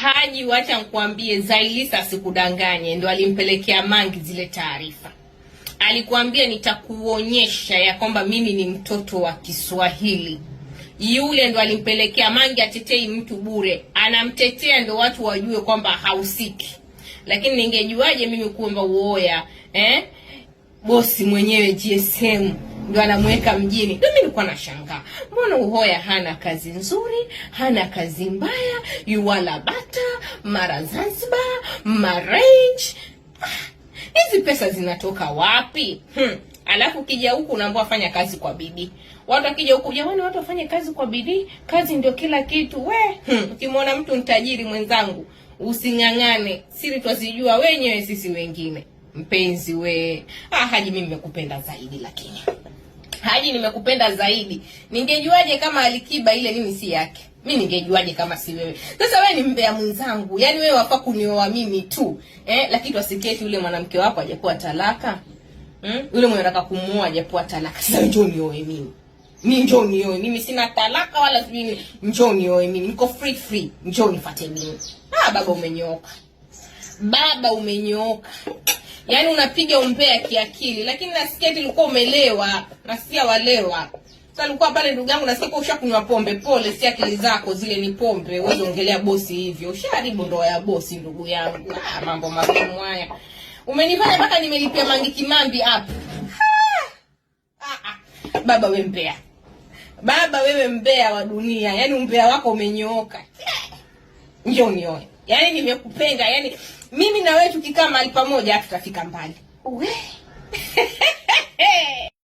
Haji, wacha nikuambie, Zailisa sikudanganye, ndo alimpelekea Mangi zile taarifa. Alikuambia nitakuonyesha ya kwamba mimi ni mtoto wa Kiswahili. Yule ndo alimpelekea Mangi. Atetei mtu bure, anamtetea ndo watu wajue kwamba hausiki. Lakini ningejuaje mimi kuomba uoya eh? bosi mwenyewe GSM ndo anamweka mjini. Ndio mimi nilikuwa nashangaa, mbona Uhoya hana kazi nzuri, hana kazi mbaya, yuwala bata mara Zanzibar marange. Ah, hizi pesa zinatoka wapi? hmm. Alafu kija huku unaambiwa fanya kazi kwa bidii. Watu akija huku, jamani, watu wafanye kazi kwa bidii, kazi ndio kila kitu. We hmm, ukimwona hmm. mtu mtajiri mwenzangu, using'ang'ane, siri twazijua wenyewe sisi wengine mpenzi we. Ah, Haji mimi nimekupenda zaidi lakini. Haji nimekupenda zaidi. Ningejuaje kama Alikiba ile mimi si yake? Mi ningejuaje kama si wewe? Sasa wewe ni mbea mwenzangu. Yaani wewe wafaa kunioa mimi tu. Eh, lakini tuasiketi yule mwanamke wako hajakuwa talaka. Mm? Yule mwenye anataka kumuoa hajakuwa talaka. Sasa njoo nioe mimi. mi njoo nioe. Mimi sina talaka wala mimi njoo nioe mimi. Niko free free. Njoo nifuate mimi. Ah, baba umenyooka. Baba umenyooka yaani unapiga umbea kiakili, lakini nasikia eti ulikuwa umelewa. Nasikia walewa sasa, alikuwa pale ndugu yangu, nasikia kwa ushakunywa pombe. Pole, si akili zako zile, ni pombe. Wewe ongelea bosi hivyo, ushaharibu ndoa ya bosi ndugu yangu. Ah, mambo magumu haya umenifanya mpaka nimelipia mangi kimambi hapo. Ah, ah. Baba we mbea, baba wewe mbea wa dunia, yaani umbea wako umenyooka. Njoo nione. Yaani nimekupenda, yaani mimi na wewe tukikaa mahali pamoja tutafika mbali. Uwe.